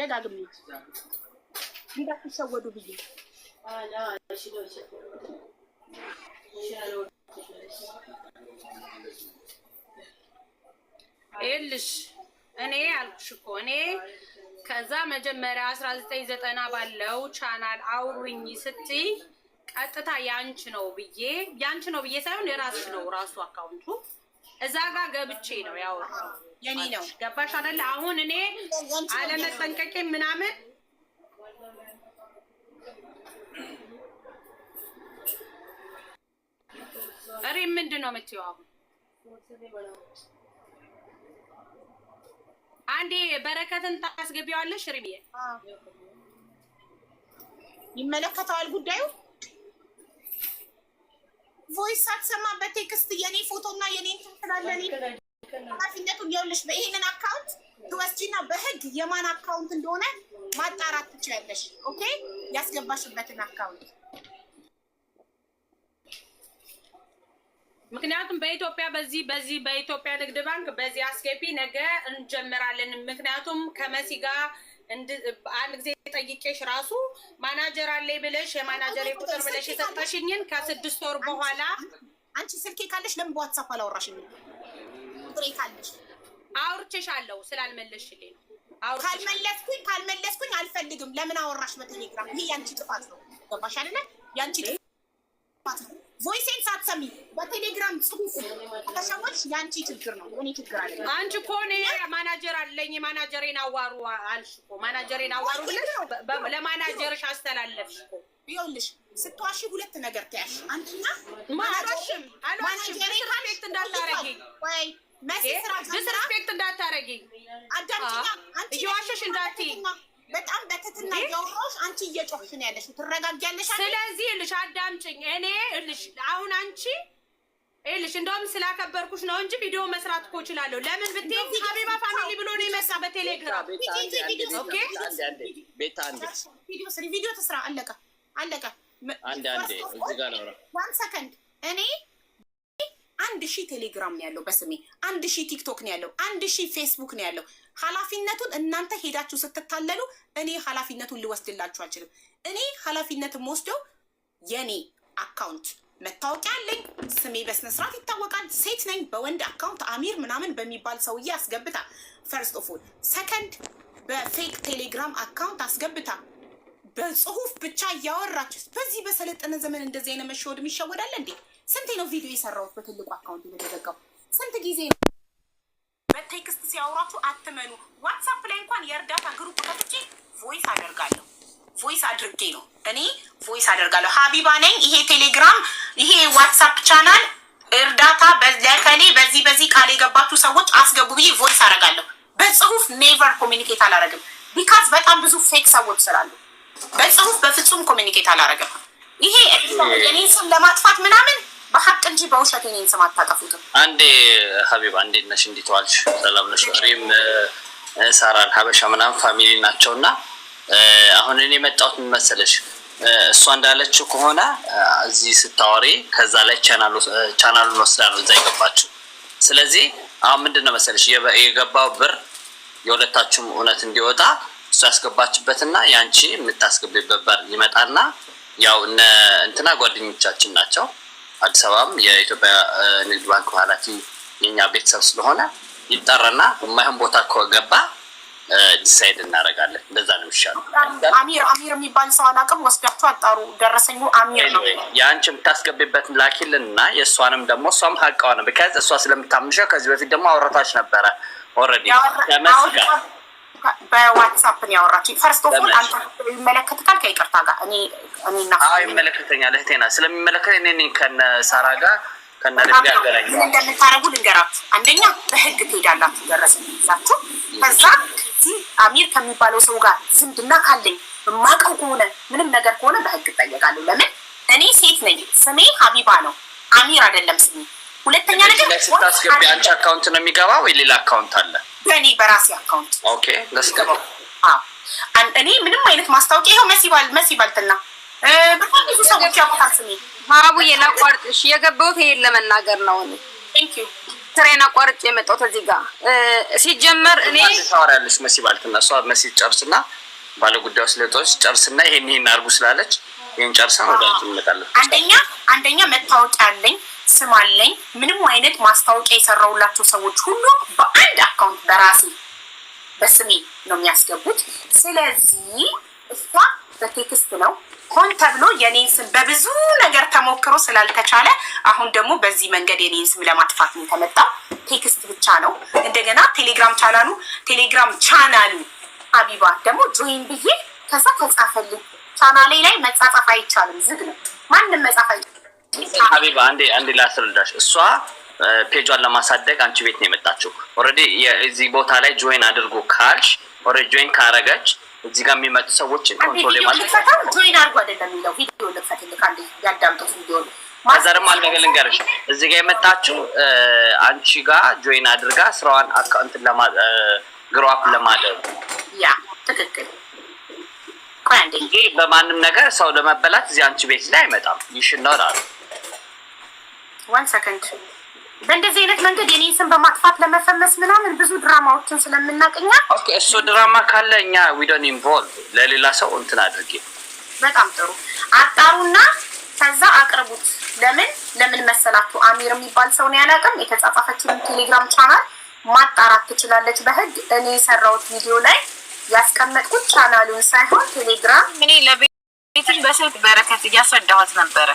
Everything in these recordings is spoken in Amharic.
ደጋግሜ እንዳትሸወዱ ብዬ ይኸውልሽ እኔ አልኩሽ እኮ እኔ ከዛ መጀመሪያ 1990 ባለው ቻናል አውሩኝ ስትይ ቀጥታ ያንቺ ነው ብዬ ያንቺ ነው ብዬ ሳይሆን የራስሽ ነው ራሱ አካውንቱ እዛ ጋር ገብቼ ነው ያወራው። የኔ ነው። ገባሽ አይደለ? አሁን እኔ አለመጠንቀቄ ምናምን እሪ ምንድን ነው የምትይው? አሁን አንዴ በረከትን ታስገቢዋለሽ። ሪሚ ይመለከተዋል ጉዳዩ ቮይስ አትሰማበት በቴክስት የኔ ፎቶ እና የኔ ትላለኔ ኃላፊነቱ የውልሽ ይሄንን አካውንት ትወስጂና በህግ የማን አካውንት እንደሆነ ማጣራት ትችላለሽ። ኦኬ ያስገባሽበትን አካውንት ምክንያቱም በኢትዮጵያ በዚህ በዚህ በኢትዮጵያ ንግድ ባንክ በዚህ አስኬፒ ነገ እንጀምራለን። ምክንያቱም ከመሲ ጋር አንድ ጊዜ ጠይቄሽ ራሱ ማናጀር አለ ብለሽ የማናጀር ቁጥር ብለሽ የሰጠሽኝን ከስድስት ወር በኋላ አንቺ ስልኬ ካለሽ ለምን በዋትሳፕ አላወራሽኝም? ቁጥሬ ካለሽ አውርቼሻለሁ ስላልመለስሽልኝ ነው። ካልመለስኩኝ ካልመለስኩኝ አልፈልግም። ለምን አወራሽ በቴሌግራም? ይሄ ያንቺ ጥፋት ነው። ገባሽ አይደለ? ያንቺ ጥፋት ነው። ቮይሴን ሳትሰሚ በቴሌግራም ጽሁፍ ከተሰዎች ያንቺ ችግር ነው። እኔ ችግር አለ። አንቺ እኮ እኔ ማናጀር አለኝ ማናጀሬን አዋሩ አልሽ እኮ ማናጀሬን አዋሩ ብለሽ ለማናጀርሽ አስተላለፍሽ እኮ። ይኸውልሽ ስትዋሺ ሁለት ነገር ተያሽ። አንደኛ ማናጀሬ ካሌክት እንዳታረጊ ወይ ዲስሬስፔክት እንዳታረጊ እየዋሸሽ እንዳትዪ በጣም በትትና እያወራሁሽ አንቺ እየጮኽሽ ነው ትረጋጊያለሽ። ስለዚህ እልሽ አዳምጪኝ። እኔ እልሽ አሁን አንቺ ይኸውልሽ እንደውም ስላከበርኩሽ ነው እንጂ ቪዲዮ መስራት እኮ እችላለሁ። ለምን ብትይ ሀቢባ ፋሚሊ ብሎ ነው የመጣ በቴሌግራም ቪዲዮ ቪዲዮ ትስራ። አለቀ አለቀ። አንድ አንዴ እዚህ ጋር ላውራ። ዋን ሰከንድ እኔ አንድ ሺህ ቴሌግራም ነው ያለው በስሜ፣ አንድ ሺህ ቲክቶክ ነው ያለው፣ አንድ ሺህ ፌስቡክ ነው ያለው። ኃላፊነቱን እናንተ ሄዳችሁ ስትታለሉ እኔ ኃላፊነቱን ልወስድላችሁ አልችልም። እኔ ኃላፊነትን ወስደው የኔ አካውንት መታወቂያ አለኝ። ስሜ በስነስርዓት ይታወቃል። ሴት ነኝ። በወንድ አካውንት አሚር ምናምን በሚባል ሰውዬ አስገብታ ፈርስት ኦፍ ኦል፣ ሰከንድ በፌክ ቴሌግራም አካውንት አስገብታ በጽሁፍ ብቻ እያወራች በዚህ በሰለጠነ ዘመን እንደዚህ አይነት መሸወድም ይሸወዳል እንዴ? ስንቴ ነው ቪዲዮ የሰራሁት በትልቁ አካውንት የተዘጋው? ስንት ጊዜ ነው በቴክስት ሲያወራችሁ አትመኑ። ዋትሳፕ ላይ እንኳን የእርዳታ ግሩፕ ከፍቼ ቮይስ አደርጋለሁ። ቮይስ አድርጌ ነው እኔ ቮይስ አደርጋለሁ። ሀቢባ ነኝ። ይሄ ቴሌግራም፣ ይሄ ዋትሳፕ ቻናል እርዳታ በከኔ በዚህ በዚህ ቃል የገባችሁ ሰዎች አስገቡ ብዬ ቮይስ አደርጋለሁ። በጽሁፍ ኔቨር ኮሚኒኬት አላረግም። ቢካዝ በጣም ብዙ ፌክ ሰዎች ስላሉ በጽሁፍ በፍጹም ኮሚኒኬት አላረግም። ይሄ የኔን ስም ለማጥፋት ምናምን በሀቅ እንጂ በውሸት የኔን ስም አታጠፉትም። አንዴ ሀቢባ እንዴት ነሽ? እንዴት ዋልሽ? ሰላም ነሽ? ሪም ሳራን ሀበሻ ምናምን ፋሚሊ ናቸው እና አሁን እኔ የመጣሁት ምን መሰለሽ፣ እሷ እንዳለችው ከሆነ እዚህ ስታወሪ ከዛ ላይ ቻናሉን ወስዳ ነው እዛ የገባችው። ስለዚህ አሁን ምንድን ነው መሰለሽ የገባው ብር የሁለታችሁም እውነት እንዲወጣ እሱ ያስገባችበትና የአንቺ የምታስገቢበት በር ይመጣና ያው እነ እንትና ጓደኞቻችን ናቸው አዲስ አበባም የኢትዮጵያ ንግድ ባንክ ኃላፊ የኛ ቤተሰብ ስለሆነ ይጠራና የማይሆን ቦታ ከገባ ዲሳይድ እናደርጋለን። እንደዛ ነው ይሻሉ። አሚር አሚር የሚባል ሰው አላውቅም፣ ወስዳችሁ አጣሩ። ደረሰኙ አሚር ነው። የአንቺ የምታስገቢበት ላኪልን እና የእሷንም ደግሞ እሷም ሀቃዋ ነው። ቢካዝ እሷ ስለምታምንሻው ከዚህ በፊት ደግሞ አውረታች ነበረ ኦልሬዲ ከመስጋ በዋትሳፕን ያወራች ፈርስት ኦፍ ኦል አንተ ይመለከትካል። ከይቅርታ ጋር እኔ እኔና ይመለከተኛል። እህቴና ስለሚመለከት እኔ ከነ ሳራ ጋር ከነ ልብ ያገናኝ እንደምታደረጉ ልንገራት። አንደኛ በህግ ትሄዳላችሁ፣ ደረሰ ይዛችሁ ከዛ እዚህ አሚር ከሚባለው ሰው ጋር ዝምድና ካለኝ የማውቀው ከሆነ ምንም ነገር ከሆነ በህግ እጠየቃለሁ። ለምን እኔ ሴት ነኝ፣ ስሜ ሀቢባ ነው፣ አሚር አይደለም ስሜ። ሁለተኛ ነገር ስታስገቢ አንቺ አካውንት ነው የሚገባ ወይ ሌላ አካውንት አለ? በእኔ በራሴ አካውንት ኦኬ። እኔ ምንም አይነት ማስታወቂያ ይኸው መሲ ባል መሲ ባልትና በጣም ብዙ ሰዎች ያውቁታል። ስሜ ማቡዬ ላቋርጥሽ የገባሁት ይሄን ለመናገር ነው። እኔ ቴንኪዩ ስሬን አቋርጬ የመጣሁት እዚህ ጋር ሲጀመር እኔ ታወሪያለሽ መሲ ባልትና እሷ መሲ ጨርስና ባለጉዳዩ ስለጦች ጨርስና ይሄን ይሄን አድርጉ ስላለች ይህን ጨርሰን ወደ አንቺ እንመጣለን። አንደኛ አንደኛ መታወቂያ አለኝ፣ ስም አለኝ። ምንም አይነት ማስታወቂያ የሰራውላቸው ሰዎች ሁሉ በአንድ አካውንት በራሴ በስሜ ነው የሚያስገቡት። ስለዚህ እሷ በቴክስት ነው ሆን ተብሎ የኔን ስም በብዙ ነገር ተሞክሮ ስላልተቻለ አሁን ደግሞ በዚህ መንገድ የኔን ስም ለማጥፋት ነው የተመጣው። ቴክስት ብቻ ነው። እንደገና ቴሌግራም ቻናሉ ቴሌግራም ቻናሉ አቢባ ደግሞ ጆይን ብዬ ከዛ ተጻፈልኝ ቻናሌ ላይ መጻጻፍ አይቻልም፣ ዝግ ነው። ማንም መጻፍ አይቻልም። ሀቢባ አንዴ አንዴ ላስረዳሽ። እሷ ፔጇን ለማሳደግ አንቺ ቤት ነው የመጣችው። ኦልሬዲ እዚህ ቦታ ላይ ጆይን አድርጎ ካልሽ ኦልሬዲ ጆይን ካረገች እዚህ ጋር የሚመጡ ሰዎች ኮንትሮል ማለት ጆይን አድርጎ አይደለም የሚለው ቪዲዮ ልክፈት አንዴ ያዳምጡት ቪዲዮ ከዛ ደግሞ አንድ ነገር ልንገርሽ፣ እዚህ ጋር የመጣችው አንቺ ጋር ጆይን አድርጋ ስራዋን አካውንት ግሮአፕ ለማድረግ ያ ትክክል እንጂ በማንም ነገር ሰው ለመበላት እዚህ አንቺ ቤት ላይ አይመጣም። ይሽናል አሉ። ዋን ሰከንድ በእንደዚህ አይነት መንገድ የኔን ስም በማጥፋት ለመፈመስ ምናምን ብዙ ድራማዎችን ስለምናቀኛ እሱ ድራማ ካለ እኛ ዊዶን ኢንቮልቭ ለሌላ ሰው እንትን አድርጌ በጣም ጥሩ አጣሩና ከዛ አቅርቡት። ለምን ለምን መሰላችሁ? አሚር የሚባል ሰው ነው ያላቅም የተጻጻፈችውን ቴሌግራም ቻናል ማጣራት ትችላለች በህግ እኔ የሰራሁት ቪዲዮ ላይ ያስቀመጥኩት ቻናሉን ሳይሆን ቴሌግራም እኔ ለቤትን በስልክ በረከት እያስረዳኋት ነበረ።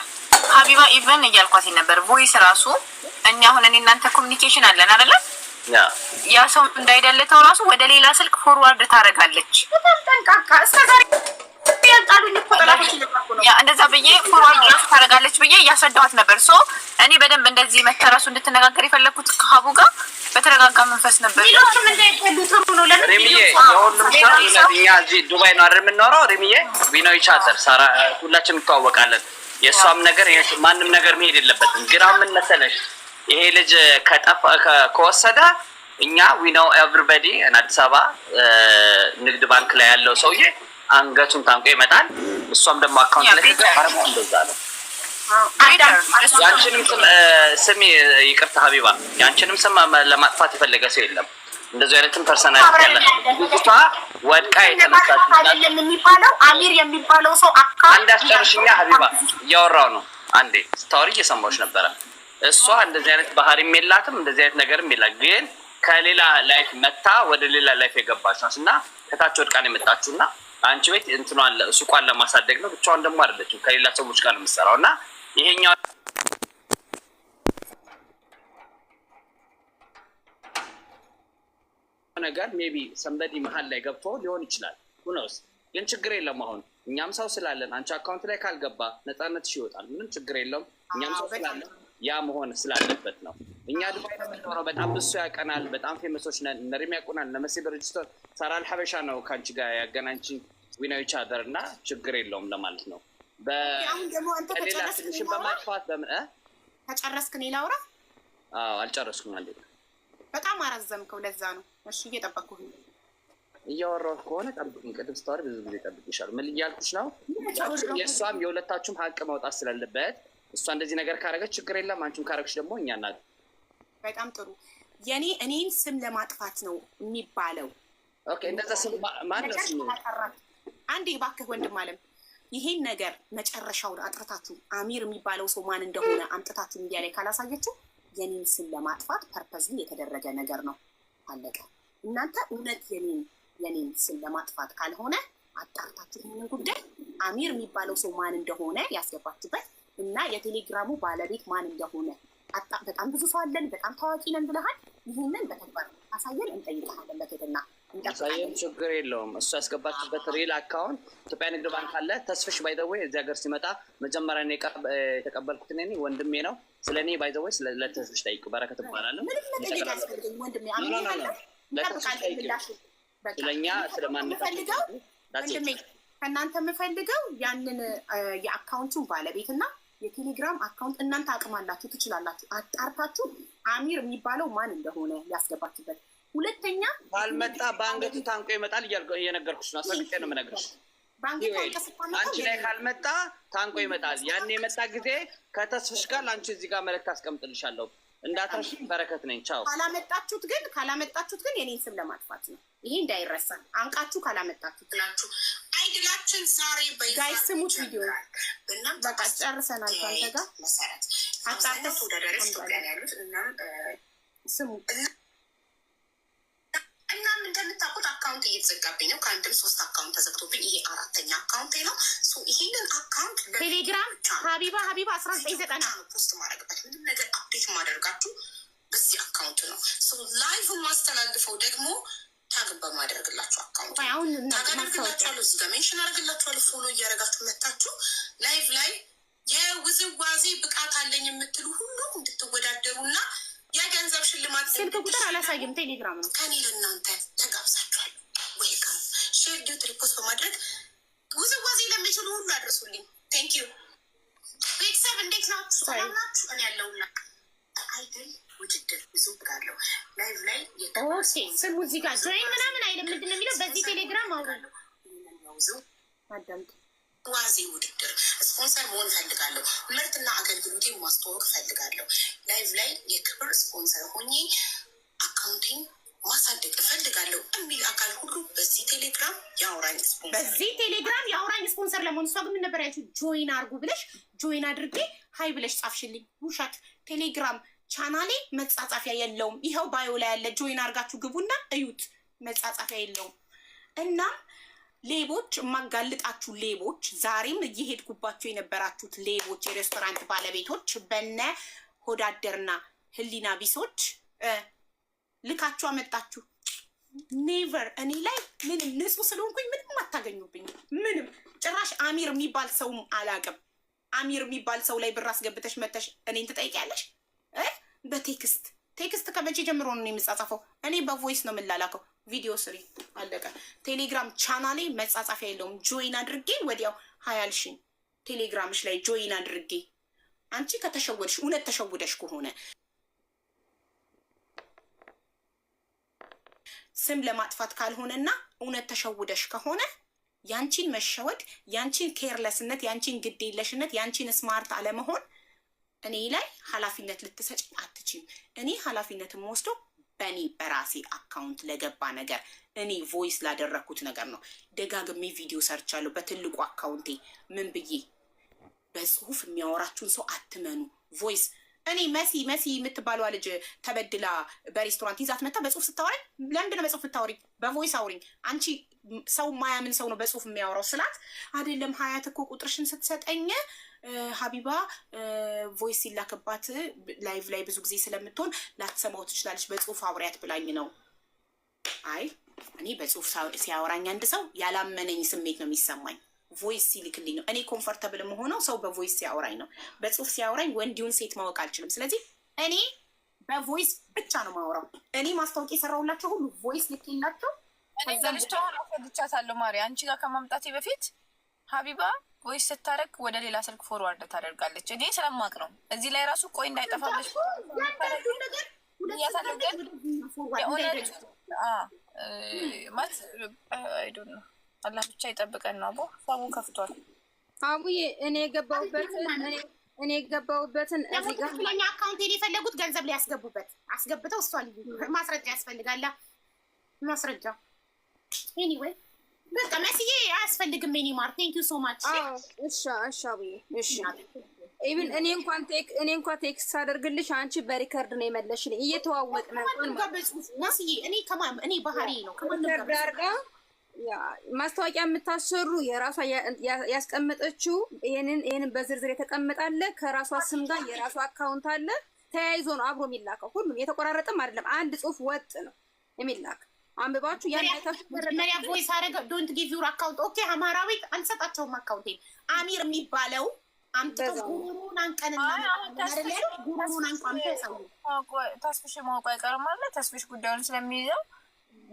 ሀቢባ ኢቨን እያልኳት ነበር። ቮይስ ራሱ እኛ አሁን እኔ እናንተ ኮሚኒኬሽን አለን አይደለ? ያ ሰው እንዳይደለተው ራሱ ወደ ሌላ ስልክ ፎርዋርድ ታደርጋለች። ጠንቃቃ እንደዛ ብዬ ፎርዋርድ ራሱ ታደርጋለች ብዬ እያስረዳኋት ነበር። ሶ እኔ በደንብ እንደዚህ መተራሱ እንድትነጋገር የፈለግኩት ከሀቡ ጋር በተረጋጋ መንፈስ ነበር። ሌሎችም ጥሩ ነው። ለምን እኛ እዚህ ዱባይ ነው አይደል የምንኖረው? ሳራ ሁላችን እንተዋወቃለን። የእሷም ነገር ማንም ነገር መሄድ የለበትም። ግራ ምን መሰለሽ ይሄ ልጅ ከጠፋ ከወሰደ እኛ ዊነው ኤቭሪበዲ አዲስ አበባ ንግድ ባንክ ላይ ያለው ሰውዬ አንገቱን ታንቆ ይመጣል። እሷም ደግሞ አካውንት ላይ ነው። ያንቺንም ስም ይቅርታ ሀቢባ፣ ያንቺንም ስም ለማጥፋት የፈለገ ሰው የለም። እንደዚህ አይነትም ፐርሰናል ያለ ወድቃ የተነሳች የሚባለው። አሚር የሚባለው ሰው አካ አንድ አስጨርሽኛ፣ ሀቢባ፣ እያወራው ነው። አንዴ ስታወሪ እየሰማዎች ነበረ። እሷ እንደዚህ አይነት ባህሪም የላትም እንደዚህ አይነት ነገርም የላት ግን ከሌላ ላይፍ መታ ወደ ሌላ ላይፍ የገባች ናት እና ከታች ወድቃ ነው የመጣችሁ እና አንቺ ቤት እንትኗን ሱቋን ለማሳደግ ነው። ብቻዋን ደግሞ አይደለችም ከሌላ ሰዎች ጋር ነው የምትሰራው እና ይሄኛው ነገር ሜቢ ሰንበዲ መሀል ላይ ገብቶ ሊሆን ይችላል። ሁነውስ ግን ችግር የለም። አሁን እኛም ሰው ስላለን አንቺ አካውንት ላይ ካልገባ ነፃነት ይወጣል። ምንም ችግር የለም። እኛም ሰው ስላለን ያ መሆን ስላለበት ነው። እኛ ዱባይ የምንኖረው በጣም ብሱ ያቀናል። በጣም ፌመሶች ነን። እነ ሪም ያውቁናል። እነ ሰራል ሀበሻ ነው ከአንቺ ጋር ያገናኝችን ዊናዊ ቻደር እና ችግር የለውም ለማለት ነው። አሁን ደግሞ አንተ ከጨረስክ በማጥፋት በምን ከጨረስክ እኔ ላውራ። አልጨረስኩም አለ። በጣም አረዘምከው፣ ለዛ ነው። እሺ እየጠበቅኩህ እያወራሁት ከሆነ ጠብቁኝ። ቅድም ስታወሪ ብዙ ጊዜ ጠብቄሻል። ምን እያልኩሽ ነው? የእሷም የሁለታችሁም ሀቅ መውጣት ስላለበት እሷ እንደዚህ ነገር ካረገች ችግር የለም፣ አንቺም ካረገች ደግሞ እኛ ና በጣም ጥሩ። የኔ እኔን ስም ለማጥፋት ነው የሚባለው። እንደዛ ስም ማን አንዴ እባክህ ወንድም አለም ይሄን ነገር መጨረሻውን አጥርታችሁ አሚር የሚባለው ሰው ማን እንደሆነ አምጥታችሁ ሚዲያ ላይ ካላሳየችው የኔን ስም ለማጥፋት ፐርፐዝ የተደረገ ነገር ነው። አለቀ። እናንተ እውነት የኔን የኔን ስም ለማጥፋት ካልሆነ አጣርታችሁ ምን ጉዳይ አሚር የሚባለው ሰው ማን እንደሆነ ያስገባችበት እና የቴሌግራሙ ባለቤት ማን እንደሆነ በጣም ብዙ ሰው አለን፣ በጣም ታዋቂ ነን ብለሃል። ይህንን በተግባር አሳየን፣ እንጠይቀሃለን በትህትና ሳይም ችግር የለውም። እሱ ያስገባችበት ሪል አካውንት ኢትዮጵያ ንግድ ባንክ አለ። ተስፍሽ ባይዘወይ እዚህ ሀገር ሲመጣ መጀመሪያ የተቀበልኩት እኔ ወንድሜ ነው። ስለ እኔ ባይዘወይ ለተስፍሽ ጠይቁ። በረከት እባላለሁ። ስለኛ ስለማንፈልገው ከእናንተ የምፈልገው ያንን የአካውንቱን ባለቤት እና የቴሌግራም አካውንት እናንተ አቅም አላችሁ፣ ትችላላችሁ። አጣርታችሁ አሚር የሚባለው ማን እንደሆነ ያስገባችበት ሁለተኛ ካልመጣ በአንገቱ ታንቆ ይመጣል እየነገርኩሽ ነው። አስረግጬ ነው የምነግርሽ። አንቺ ላይ ካልመጣ ታንቆ ይመጣል። ያን የመጣ ጊዜ ከተስፍሽ ጋር ለአንቺ እዚህ ጋር መልዕክት አስቀምጥልሻለሁ። እንዳትረሽ። በረከት ነኝ። ቻው። ካላመጣችሁት ግን ካላመጣችሁት ግን የኔን ስም ለማጥፋት ነው። ይሄ እንዳይረሳ አንቃችሁ ካላመጣችሁት ናችሁ። አይድላችን ዛሬ ጋይ ስሙት። ቪዲዮ በቃ ጨርሰናል። ከአንተ ጋር ያሉት እናም ስሙት አካውንት እየተዘጋብኝ ነው። ከአንድም ሶስት አካውንት ተዘግቶብኝ ይሄ አራተኛ አካውንቴ ነው። ይሄንን አካውንት ቴሌግራም ሀቢባ ሀቢባ አስራ ዘጠኝ ዘጠና ነው ፖስት ማድረግበት ምንም ነገር አፕዴት ማደርጋችሁ በዚህ አካውንት ነው። ሶ ላይቭ ማስተላልፈው ደግሞ ታግ በማደርግላችሁ አካውንት ታጋደርግላችኋለሁ። እዚህ ጋር ሜንሽን አደርግላችኋለሁ። ፎሎ እያደረጋችሁ መታችሁ ላይቭ ላይ የውዝዋዜ ብቃት አለኝ የምትሉ ሁሉ እንድትወዳደሩ እንድትወዳደሩና የገንዘብ ሽልማት ስልክ ቁጥር አላሳይም። ቴሌግራም ነው ከኔ ለእናንተ ተጋብ ሼር ዲዩት ሪፖስት በማድረግ ውዝዋዜ ለሚችሉ ሁሉ አድርሱልኝ። ቴንክ ዩ ቤተሰብ፣ እንዴት ናችሁ? ሰላም ናችሁ? እኔ ያለውና አይደል ውድድር ብዙ ጋለው ላይቭ ላይ ስሙ እዚህ ጋር ጆይን ምናምን አይልም። ምንድን ነው የሚለው በዚህ ቴሌግራም አውራለሁ ዋዜ ውድድር ስፖንሰር መሆን ፈልጋለሁ። ምርትና አገልግሎቴ ማስተዋወቅ ፈልጋለሁ። ላይቭ ላይ የክብር ስፖንሰር ሆኜ በዚህ ቴሌግራም የአውራኝ ስፖንሰር በዚህ ቴሌግራም የአውራኝ ስፖንሰር ለመሆን እሷ ግን ምን ነበር ያልሽው? ጆይን አድርጉ ብለሽ ጆይን አድርጌ ሀይ ብለሽ ጻፍሽልኝ። ውሻት ቴሌግራም ቻናሌ መጻጻፊያ የለውም። ይኸው ባዮ ላይ ያለ ጆይን አድርጋችሁ ግቡና እዩት። መጻጻፊያ የለውም። እናም ሌቦች፣ የማጋልጣችሁ ሌቦች፣ ዛሬም እየሄድኩባችሁ የነበራችሁት ሌቦች፣ የሬስቶራንት ባለቤቶች በነ ሆዳደርና ህሊና ቢሶች ልካችሁ አመጣችሁ። ኔቨር እኔ ላይ ምንም ንጹህ ስለሆንኩኝ ምንም አታገኙብኝ። ምንም ጭራሽ አሚር የሚባል ሰውም አላቅም። አሚር የሚባል ሰው ላይ ብር አስገብተሽ መተሽ እኔን ትጠይቂያለሽ? በቴክስት ቴክስት ከመቼ ጀምሮ ነው የምጻጻፈው? እኔ በቮይስ ነው የምላላከው። ቪዲዮ ስሪ አለቀ። ቴሌግራም ቻናሌ መጻጻፊያ የለውም። ጆይን አድርጌ ወዲያው ሀያልሽኝ ቴሌግራምሽ ላይ ጆይን አድርጌ አንቺ ከተሸወድሽ እውነት ተሸውደሽ ከሆነ ስም ለማጥፋት ካልሆነና እውነት ተሸውደሽ ከሆነ ያንቺን መሸወድ፣ ያንቺን ኬርለስነት፣ ያንቺን ግዴለሽነት፣ ያንቺን ስማርት አለመሆን እኔ ላይ ኃላፊነት ልትሰጭኝ አትችም። እኔ ኃላፊነትም ወስዶ በእኔ በራሴ አካውንት ለገባ ነገር እኔ ቮይስ ላደረግኩት ነገር ነው። ደጋግሜ ቪዲዮ ሰርቻለሁ በትልቁ አካውንቴ ምን ብዬ በጽሁፍ የሚያወራችሁን ሰው አትመኑ ቮይስ እኔ መሲ መሲ የምትባለዋ ልጅ ተበድላ በሬስቶራንት ይዛት መታ በጽሁፍ ስታወራኝ፣ ነው በጽሁፍ ስታወሪኝ? በቮይስ አውሪኝ። አንቺ ሰው ማያምን ሰው ነው በጽሁፍ የሚያወራው ስላት፣ አይደለም ሀያት እኮ ቁጥርሽን ስትሰጠኝ ሀቢባ ቮይስ ሲላክባት ላይቭ ላይ ብዙ ጊዜ ስለምትሆን ላትሰማው ትችላለች፣ በጽሁፍ አውሪያት ብላኝ ነው። አይ እኔ በጽሁፍ ሲያወራኝ አንድ ሰው ያላመነኝ ስሜት ነው የሚሰማኝ። ቮይስ ሲልክልኝ ነው። እኔ ኮምፈርተብል መሆነው ሰው በቮይስ ሲያወራኝ ነው። በጽሁፍ ሲያወራኝ ወንዲውን ሴት ማወቅ አልችልም። ስለዚህ እኔ በቮይስ ብቻ ነው ማወራው። እኔ ማስታወቂያ የሰራውላቸው ሁሉ ቮይስ ልኬላቸው ዛልቻሁን አስረድቻታለሁ። ማሪ አንቺ ጋር ከማምጣቴ በፊት ሀቢባ ቮይስ ስታደርግ ወደ ሌላ ስልክ ፎርዋርድ ታደርጋለች። እኔ ስለማቅ ነው እዚህ ላይ ራሱ ቆይ እንዳይጠፋበች ነገር እያሳደገ ሆነ ነው አላህ ብቻ ይጠብቀን ነው። አቦ ሀሳቡ ከፍቷል። አቡዬ እኔ የገባሁበትን እኔ የገባሁበትን እዚህ ጋር ትክክለኛ አካውንቴን የፈለጉት ገንዘብ ላይ ያስገቡበት አስገብተው እሷ ማስረጃ ያስፈልጋላ ማስረጃ ኤኒዌይ በቃ መስዬ አያስፈልግም። ኔ ማር ቴንክ ዩ ሶ ማች። እሺ እሺ አቡዬ እሺ። ኢቭን እኔ እንኳን ቴክ እኔ እንኳን ቴክስት አደርግልሽ አንቺ በሪከርድ ነው የመለሽልኝ። እየተዋወቅ ነው መስዬ እኔ ከማ እኔ ባህሪ ነው ከማንም ጋር ማስታወቂያ የምታሰሩ የራሷ ያስቀመጠችው ይህንን ይህንን በዝርዝር የተቀመጣለ ከራሷ ስም ጋር የራሷ አካውንት አለ። ተያይዞ ነው አብሮ የሚላከው። ሁሉም የተቆራረጠም አይደለም። አንድ ጽሁፍ ወጥ ነው የሚላክ። አንብባችሁ መሪያ ቮይስ አረገ ዶንት ጊቭ ዩር አካውንት ኦኬ። አማራዊት አንሰጣቸውም። አካውንቴ አሚር የሚባለው አምጥቶ ጉሩሩን አንቀንና ጉሩሩን አንቋምተ ሰው ተስፍሽ ማወቅ አይቀርም አለ ተስፍሽ ጉዳዩን ስለሚይዘው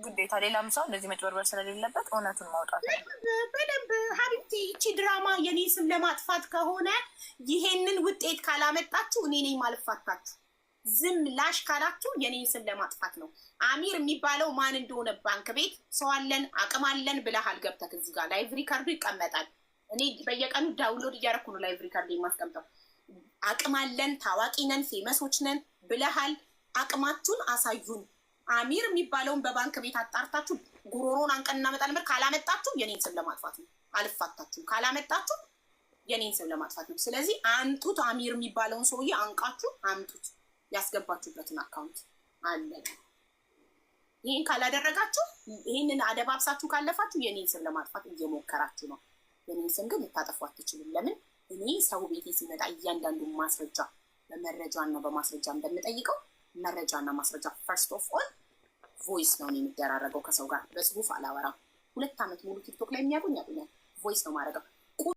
ግዴታ ሌላም ሰው እንደዚህ መጭበርበር ስለሌለበት እውነቱን ማውጣት በደንብ ሀቢብቴ፣ ይቺ ድራማ የኔ ስም ለማጥፋት ከሆነ ይሄንን ውጤት ካላመጣችሁ እኔ ነኝ ማልፋታችሁ። ዝም ላሽ ካላችሁ የኔን ስም ለማጥፋት ነው። አሚር የሚባለው ማን እንደሆነ ባንክ ቤት ሰው አለን አቅም አለን ብለሃል ገብተህ እዚህ ጋር ላይቭ ሪከርዱ ይቀመጣል። እኔ በየቀኑ ዳውንሎድ እያደረኩ ነው ላይቭ ሪከርድ የማስቀምጠው። አቅም አለን ታዋቂ ነን ፌመሶች ነን ብለሃል። አቅማችሁን አሳዩን አሚር የሚባለውን በባንክ ቤት አጣርታችሁ ጉሮሮን አንቀን እናመጣ ነበር። ካላመጣችሁ የኔን ስም ለማጥፋት ነው። አልፋታችሁም። ካላመጣችሁ የኔን ስም ለማጥፋት ነው። ስለዚህ አንጡት፣ አሚር የሚባለውን ሰውዬ አንቃችሁ አምጡት። ያስገባችሁበትን አካውንት አለ። ይህን ካላደረጋችሁ፣ ይህንን አደባብሳችሁ ካለፋችሁ የኔን ስም ለማጥፋት እየሞከራችሁ ነው። የኔን ስም ግን ልታጠፉ አትችሉም። ለምን? እኔ ሰው ቤቴ ሲመጣ እያንዳንዱ ማስረጃ በመረጃና በማስረጃ እንደምጠይቀው መረጃና ማስረጃ ፈርስት ኦፍ ኦል ቮይስ ነው የሚደራረገው ከሰው ጋር። በጽሁፍ አላወራም። ሁለት ዓመት ሙሉ ቲክቶክ ላይ የሚያቆኝ ያቆኛል። ቮይስ ነው ማድረገው